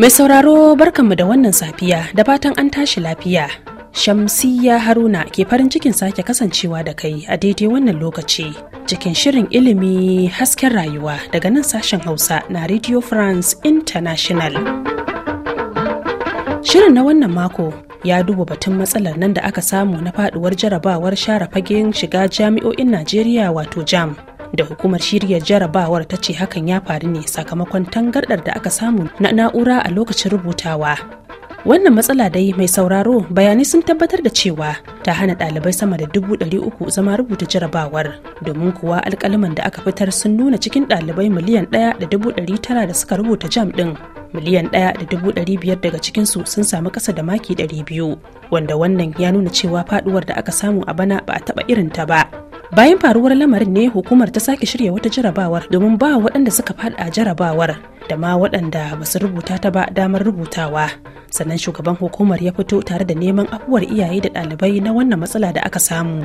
Mai sauraro barkanmu da wannan safiya da fatan an tashi lafiya. Shamsiyya Haruna ke farin cikin sake kasancewa da kai a daidai wannan lokaci cikin shirin ilimi hasken rayuwa daga nan sashen Hausa na Radio France International. Shirin na wannan mako ya duba batun matsalar nan da aka samu na faduwar jarabawar share fagen shiga jami'o'in Najeriya wato jam da hukumar shirya jarabawar ta ce hakan ya faru ne sakamakon tangardar da aka samu na na'ura a lokacin rubutawa wannan matsala dai mai sauraro bayanai sun tabbatar da cewa ta hana ɗalibai sama da dubu ɗari uku zama rubuta jarabawar domin kuwa alkalaman da aka fitar sun nuna cikin ɗalibai miliyan ɗaya da dubu ɗari tara da suka rubuta jam ɗin miliyan ɗaya da dubu ɗari biyar daga cikinsu sun samu ƙasa da maki ɗari biyu wanda wannan ya nuna cewa faɗuwar da aka samu a bana ba a taɓa irin ta ba bayan faruwar lamarin ne hukumar ta sake shirya wata jarabawar domin ba waɗanda suka faɗa jarabawar da ma waɗanda ba su rubuta ta ba damar rubutawa sannan shugaban hukumar ya fito tare da neman afuwar iyaye da ɗalibai na wannan matsala da aka samu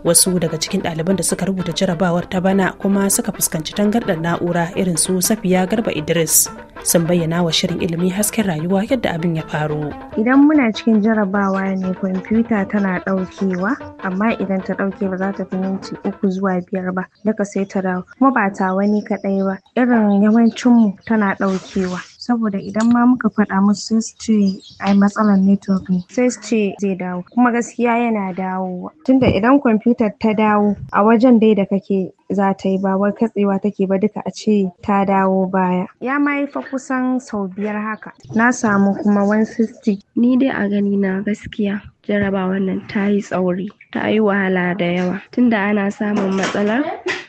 wasu daga cikin ɗaliban da suka rubuta jarabawar ta bana kuma suka fuskanci tangarɗar na'ura irin su safiya garba idris sun bayyana wa shirin ilimi hasken rayuwa yadda abin ya faru. Idan muna cikin jarabawa ne kwamfuta tana ɗaukewa amma idan ta ɗauke ba za ta fi minti uku zuwa biyar ba daga sai ta dawo kuma ba ta wani kaɗai ba irin yawancinmu tana ɗaukewa. saboda idan ma muka faɗa musu sai su ce ai matsalar network ne sai su ce zai dawo kuma gaskiya yana dawowa tunda idan kwamfutar ta dawo a wajen dai da kake za ta yi ba wai katsewa take ba duka a ce ta dawo baya ya ma yi fa kusan sau biyar haka na samu kuma sisti ni dai a gani na gaskiya jarabawar nan ta yi tsauri ta yi wahala da yawa tunda ana samun matsalar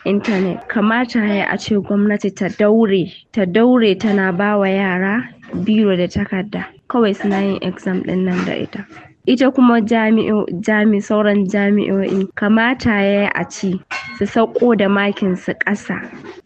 intanet kamata ya a ce gwamnati ta daure ta daure tana ba wa yara biro da takarda kawai suna yin exam din nan da ita ita kuma jami sauran jami'o'i kamata ya a ci su sauko da makin su ƙasa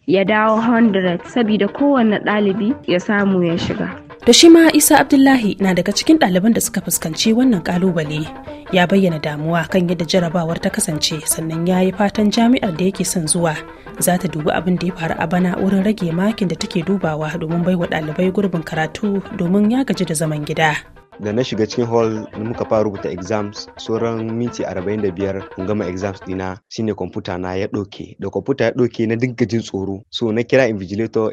ya dawo 100 saboda kowane ɗalibi ya samu ya shiga da shi ma Isa Abdullahi na daga cikin ɗaliban da suka fuskanci wannan ƙalubale Ya bayyana damuwa kan yadda jarabawar ta kasance sannan ya yi fatan jami'ar da yake son zuwa za ta dubi abin da ya faru a bana wurin rage makin da take dubawa domin baiwa ɗalibai gurbin karatu domin ya gaji da zaman gida. da na shiga cikin hall na muka fara rubuta exams sauran minti 45 in gama exams dina shine kwamfuta na ya doke da kwamfuta ya doke na dinga jin tsoro so na kira invigilator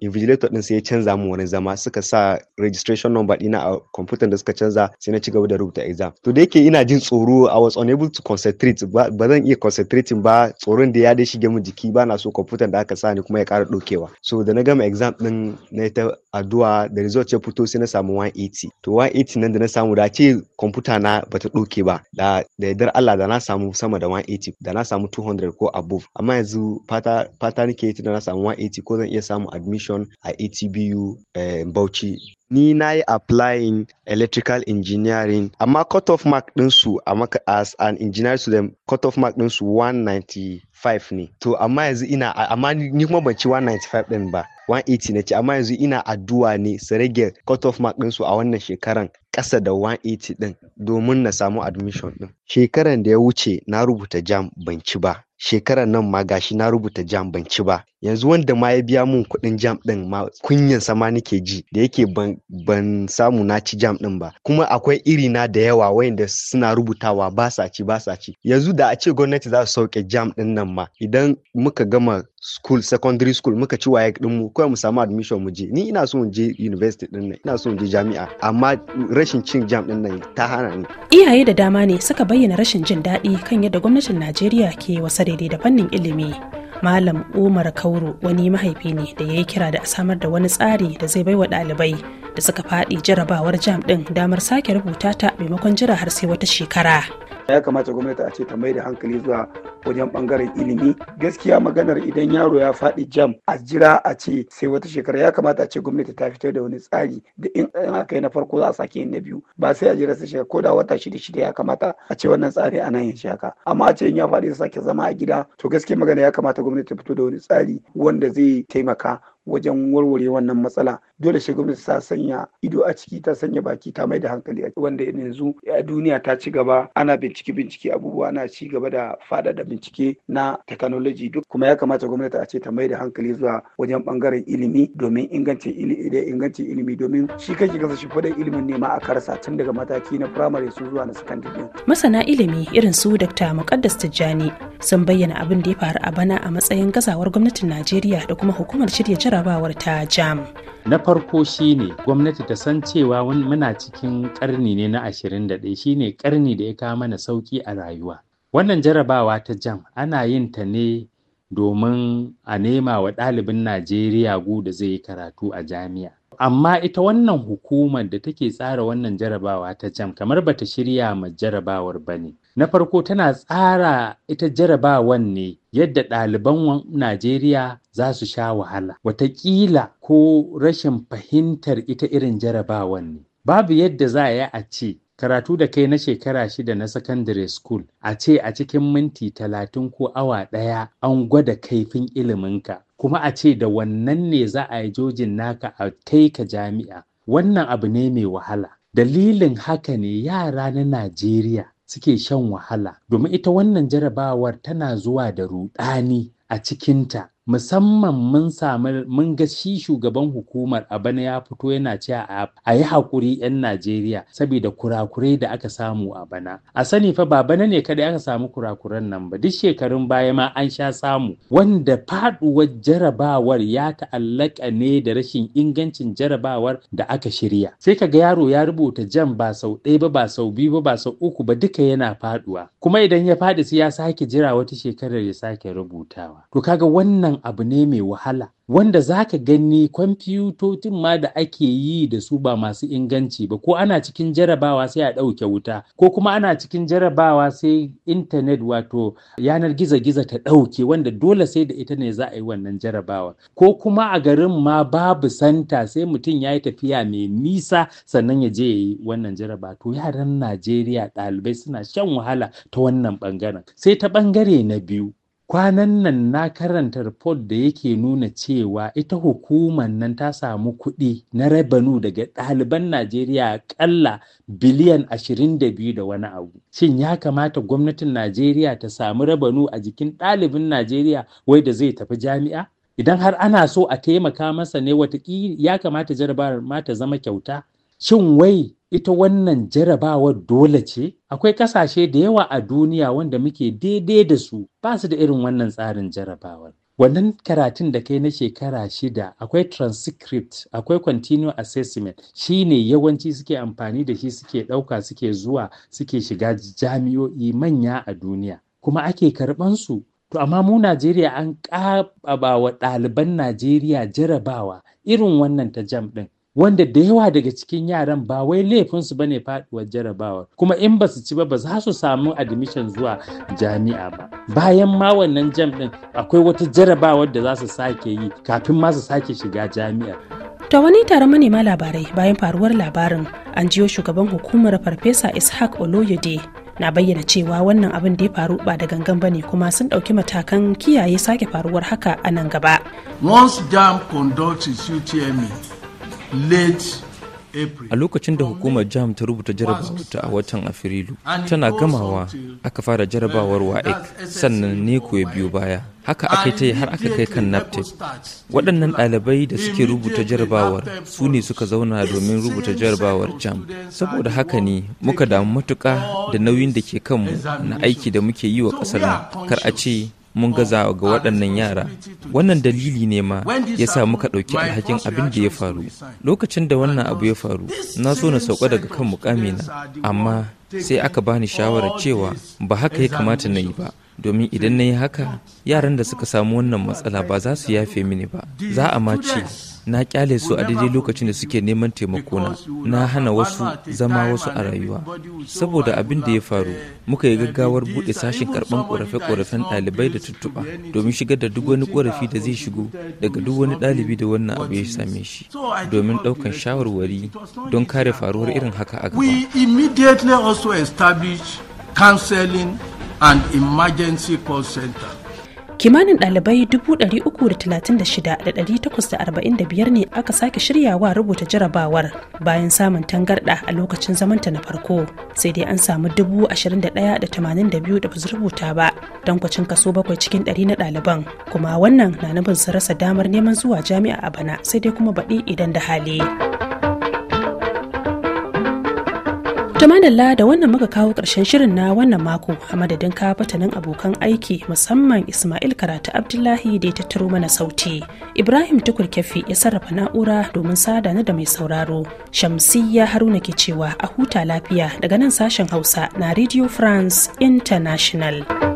invigilator din sai ya canza mu wani zama suka sa registration number dina a kwamfutan da suka canza sai na ci gaba da rubuta exam to da yake ina jin tsoro i was unable to concentrate ba zan iya concentrating ba tsoron da ya dai shige mu jiki ba na so kwamfutan da aka sa ni kuma ya kara dokewa so da na gama exam din na ta addu'a da result ya fito sai na samu 180 to 180 nan da na samu da ce kwamfuta na bata ɗauke ba da da yardar Allah da na samu sama da 180 da na samu 200 ko above amma yanzu fata fata nake yi da na samu 180 ko zan iya samu admission a ATBU eh, Bauchi ni na yi applying electrical engineering amma cut off mark a as an engineer student cut off mark su 190 195 ne to amma yanzu ina amma ni kuma ban ci 195 din ba 180 na ce, amma yanzu ina addu'a ne su rage cut off mark su a wannan shekaran ƙasa da 180 ɗin domin na samu admission ɗin. Shekaran da ya wuce na rubuta jam ban ci ba. Shekaran nan ma gashi na rubuta jam ban ci ba. Yanzu wanda ma ya biya mun kuɗin jam ɗin ma kunyan sama nake ji da yake ban, samu na ci jam ɗin ba. Kuma akwai iri na da yawa wayanda suna rubutawa ba sa ci ba sa ci. Yanzu da a ce gwamnati za su sauke jam ɗin nan ma idan muka gama school secondary school muka ci waye din mu kawai mu samu admission mu je ni ina so in je university din nan ina so in je jami'a amma rashin cin jam din nan ta hana ni iyaye da dama ne suka bayyana rashin jin daɗi kan yadda gwamnatin Najeriya ke wasa daidai da fannin ilimi Malam Umar Kauro wani mahaifi ne da ya yi kira da a samar da wani tsari da zai baiwa ɗalibai da suka faɗi jarabawar jam ɗin damar sake rubuta ta maimakon jira har sai wata shekara. ya kamata gwamnati a ce ta mai da hankali zuwa wajen bangaren ilimi gaskiya maganar idan yaro ya faɗi jam a jira a ce sai wata shekara ya kamata a ce gwamnati ta fitar da wani tsari da in aka yi na farko za a sake yin na biyu ba sai a jira sai shekara ko da wata shida shida ya kamata a ce wannan tsari a nan yanzu haka amma a ce in ya faɗi sake zama a gida to gaskiya magana ya kamata gwamnati ta fito da wani tsari wanda zai taimaka wajen warware wannan matsala dole shi gwamnati ta sanya ido a ciki ta sanya baki ta mai da hankali wanda yanzu a duniya ta ci gaba ana bincike bincike abubuwa ana ci gaba da fada da bincike na technology duk kuma ya kamata gwamnati a ce ta mai da hankali zuwa wajen bangaren ilimi domin ingancin ilimi ingancin ilimi domin shi kanki gasa shi fadan ilimin ne ma a karsa tun daga mataki na primary su zuwa na secondary masana ilimi irin su Dr. Muqaddas Tijjani sun bayyana abin da ya faru a bana a matsayin gazawar gwamnatin Najeriya da kuma hukumar shirya jarabawar ta jam na farko shine gwamnati ta san cewa muna cikin karni ne na 21 shine karni da ya kawo mana sauki a rayuwa wannan jarabawa ta jam ana yin ta ne domin a nema wa ɗalibin najeriya gu da zai yi karatu a jami'a amma ita wannan hukumar da take tsara wannan jarabawa ta jam kamar bata shirya ma jarabawar ba ne na farko tana tsara ita jarabawan ne yadda ɗaliban najeriya za su sha wahala watakila ko rashin fahimtar ita irin jarabawan ne babu yadda za a yi a ce karatu da kai na shekara shida na secondary school a ce a cikin minti talatin ko awa ɗaya an gwada kaifin iliminka kuma a ce da wannan ne za a yi jojin naka a kai ka jami'a wannan abu ne mai wahala dalilin haka ne yara na najeriya suke shan wahala domin ita wannan jarabawar tana zuwa da ruɗani a cikinta musamman mun samu mun ga shi shugaban hukumar a bana ya fito yana cewa a yi haƙuri 'yan Najeriya saboda kurakurai da aka samu a bana. A sani fa ba bana ne kadai aka samu kurakuran nan ba duk shekarun baya ma an sha samu wanda faɗuwar jarabawar ya ta'allaka ne da rashin ingancin jarabawar da aka shirya. Sai kaga yaro ya rubuta jan ba sau ɗaya ba ba sau biyu ba ba sau uku ba duka yana faɗuwa. Kuma idan ya faɗi sai ya sake jira wata shekarar ya sake rubutawa. To kaga wannan wannan abu ne mai wahala wanda za ka gani kwamfiyutocin ma da ake yi da su ba masu inganci ba ko ana cikin jarabawa sai a ɗauke wuta ko kuma ana cikin jarabawa sai intanet wato yanar gizo-gizo ta ɗauke wanda dole sai da ita ne za a yi wannan jarabawa ko kuma a garin ma babu santa sai mutum ya yi tafiya mai nisa sannan ya je ya yi wannan jaraba to yaran najeriya ɗalibai suna shan wahala ta wannan ɓangaren sai ta ɓangare na biyu Kwanan nan na karanta report da yake nuna cewa ita hukumar nan ta samu kuɗi na rabanu daga ɗaliban Najeriya kalla biliyan 22 da wani abu. Shin ya kamata gwamnatin Najeriya ta samu rabanu a jikin ɗalibin Najeriya wai da zai tafi jami'a? Idan har ana so a taimaka masa ne watakila ya kamata jarabawar ma ta zama kyauta. Shin wai ita wannan jarabawar dole ce akwai ƙasashe da yawa a duniya wanda muke daidai da su ba su da irin wannan tsarin jarabawar wannan karatun da kai na shekara shida akwai transcript akwai continuous assessment shine yawanci suke amfani da shi suke ɗauka suke zuwa suke shiga jami'o'i manya a duniya kuma ake karɓan su to amma mu najeriya an wa ɗaliban najeriya jarabawa irin wannan ta jam ɗin wanda da yawa daga cikin yaran ba wai laifinsu bane faduwar jarabawar kuma in ba su ci ba ba za su samu admission zuwa jami'a ba bayan ma wannan jam din akwai wata jarabawar da za su sake yi kafin ma su sake shiga jami'a ta wani taron manema labarai bayan faruwar labarin an jiyo shugaban hukumar farfesa ishaq oloyode na bayyana cewa wannan abin da ya faru ba da gangan bane kuma sun ɗauki matakan kiyaye sake faruwar haka a nan gaba. Once JAM conduct is UTME A lokacin da hukumar jam ta rubuta jarabawarta a watan Afrilu, tana gamawa aka fara jarabawar WAEC sannan ne ya biyo baya. Haka aka ta har aka kai kan NAPTEP. Waɗannan ɗalibai da suke rubuta jarabawar su ne suka zauna domin rubuta jarabawar jam. Saboda haka ne muka damu matuƙa da nauyin da ke kanmu na aiki da muke yi wa ƙasar kar a ce mun gaza ga waɗannan yara wannan dalili ne ma ya sa muka ɗauki alhakin abin da ya faru lokacin da wannan abu ya faru na so na sauka daga kan mukamina amma sai aka bani shawarar cewa ba haka ya kamata na yi ba domin idan na yi haka yaran da suka samu wannan matsala ba za su yafe mini ba za a mace na kyale su a daidai lokacin da suke neman taimakona na hana wasu zama wasu a rayuwa saboda abin da ya faru muka yi gaggawar buɗe sashen karɓar ƙorafe-ƙorafen ɗalibai da tuttuɓa domin shigar da duk wani ƙorafi da zai shigo daga duk wani ɗalibi da wannan abu ya same shi domin ɗaukan shawarwari don kare faruwar irin haka a gaba. and emergency call center. kimanin ɗalibai 336,845 ne aka sake shiryawa rubuta jarabawar bayan samun tangarɗa a lokacin zamanta na farko sai dai an samu 21,082 da su rubuta ba don kwacin kaso bakwai cikin ɗari na ɗaliban kuma wannan na nufin su rasa damar neman zuwa jami'a a bana sai dai kuma baɗi idan da hali. To madalla da wannan muka kawo ƙarshen shirin na wannan mako a madadin kafatanin abokan aiki musamman Ismail Karatu Abdullahi da ya tattaro mana sauti. Ibrahim Tukur Kefi ya sarrafa na'ura domin sada na da mai sauraro. Shamsiyya Haruna ke cewa a huta lafiya daga nan sashen Hausa na Radio France International.